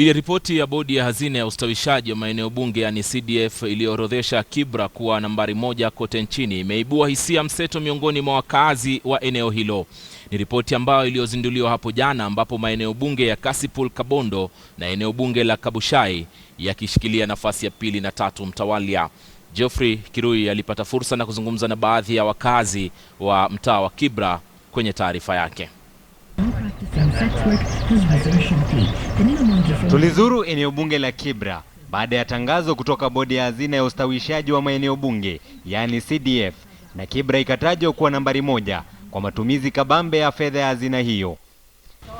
Ile ripoti ya bodi ya hazina ya ustawishaji wa maeneo bunge yani CDF iliyoorodhesha Kibra kuwa nambari moja kote nchini imeibua hisia mseto miongoni mwa wakaazi wa eneo hilo. Ni ripoti ambayo iliyozinduliwa hapo jana ambapo maeneo bunge ya Kasipul Kabondo na eneo bunge la Kabushai yakishikilia nafasi ya pili na tatu mtawalia. Geoffrey Kirui alipata fursa na kuzungumza na baadhi ya wakazi wa mtaa wa Kibra kwenye taarifa yake. Tulizuru eneo bunge la Kibra baada ya tangazo kutoka bodi ya hazina ya ustawishaji wa maeneo bunge yaani CDF, na Kibra ikatajwa kuwa nambari moja kwa matumizi kabambe ya fedha ya hazina hiyo.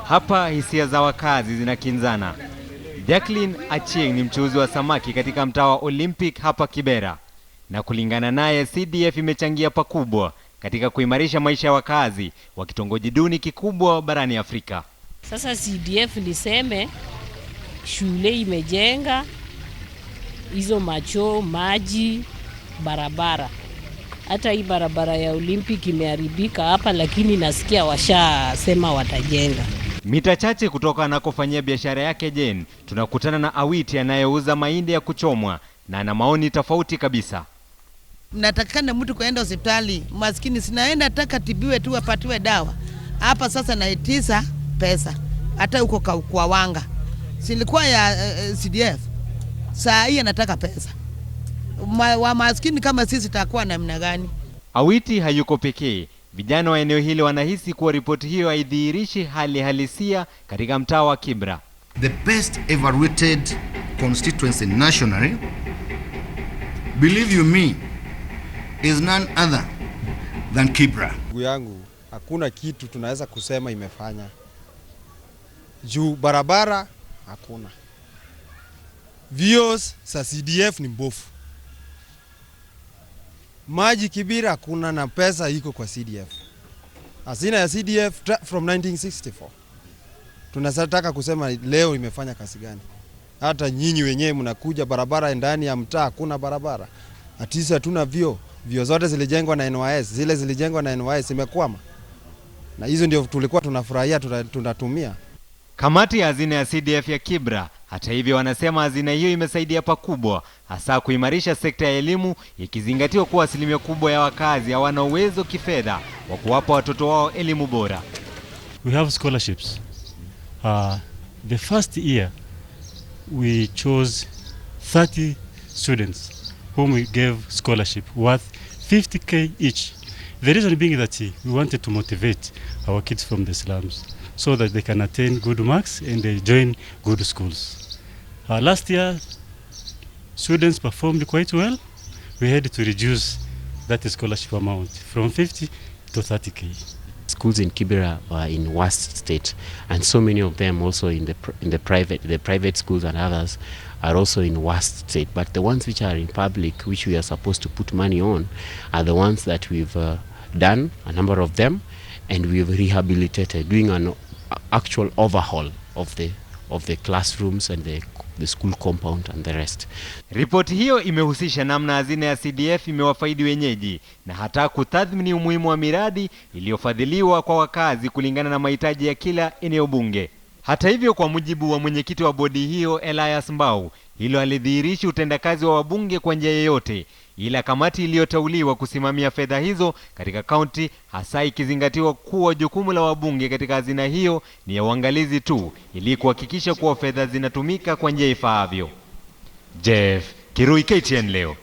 Hapa hisia za wakazi zinakinzana. Jacqueline Achieng ni mchuuzi wa samaki katika mtaa wa Olympic hapa Kibera, na kulingana naye CDF imechangia pakubwa katika kuimarisha maisha ya wakazi wa kitongoji duni kikubwa barani Afrika. Sasa CDF liseme shule imejenga hizo machoo, maji, barabara. Hata hii barabara ya Olympic imeharibika hapa, lakini nasikia washasema watajenga. Mita chache kutoka anakofanyia biashara yake Jane, tunakutana na Awiti anayeuza mahindi ya kuchomwa na ana maoni tofauti kabisa. natakana mtu kuenda hospitali, maskini sinaenda, taka tibiwe tu apatiwe dawa hapa. Sasa naitisa pesa hata huko kwa wanga silikuwa ya uh, eh, eh, CDF. Saa hii anataka pesa Ma, wa maskini kama sisi takuwa namna gani? Awiti hayuko pekee. Vijana wa eneo hili wanahisi kuwa ripoti hiyo haidhihirishi hali halisia katika mtaa wa Kibra. The best evaluated constituency nationally believe you me is none other than Kibra. Ndugu yangu, hakuna kitu tunaweza kusema imefanya juu barabara hakuna. Vios za CDF ni mbofu, maji Kibira hakuna, na pesa iko kwa CDF, hazina ya CDF from 1964. Tunataka kusema leo imefanya kazi gani? Hata nyinyi wenyewe mnakuja barabara ndani ya mtaa, hakuna barabara atisi, hatuna vio vio, zote zilijengwa na NYS, zile zilijengwa na NYS zimekwama, na hizo ndio tulikuwa tunafurahia tunatumia. Kamati ya hazina ya CDF ya Kibra hata hivyo, wanasema hazina hiyo imesaidia pakubwa, hasa kuimarisha sekta ya elimu, ikizingatiwa kuwa asilimia kubwa ya wakazi hawana uwezo kifedha wa kuwapa watoto wao elimu bora. We have scholarships. Uh, the first year we chose 30 students whom we gave scholarship worth 50k each. The reason being that we wanted to motivate our kids from the slums so that they can attain good marks and they join good schools. Uh, last year, students performed quite well. We had to reduce that scholarship amount from 50 to 30k. Schools in Kibera are in worst state, and so many of them also in the in the private the private schools and others are also in worst state. But the ones which are in public, which we are supposed to put money on, are the ones that we've uh, done a number of them, and we've rehabilitated, doing an actual overhaul of the, of the classrooms and the, the school compound and the rest. Ripoti hiyo imehusisha namna hazina ya CDF imewafaidi wenyeji na hata kutathmini umuhimu wa miradi iliyofadhiliwa kwa wakazi kulingana na mahitaji ya kila eneo bunge. Hata hivyo, kwa mujibu wa mwenyekiti wa bodi hiyo Elias Mbau, hilo halidhihirishi utendakazi wa wabunge kwa njia yeyote, ila kamati iliyoteuliwa kusimamia fedha hizo katika kaunti, hasa ikizingatiwa kuwa jukumu la wabunge katika hazina hiyo ni ya uangalizi tu, ili kuhakikisha kuwa fedha zinatumika kwa njia ifaavyo. Jeff Kirui, KTN leo.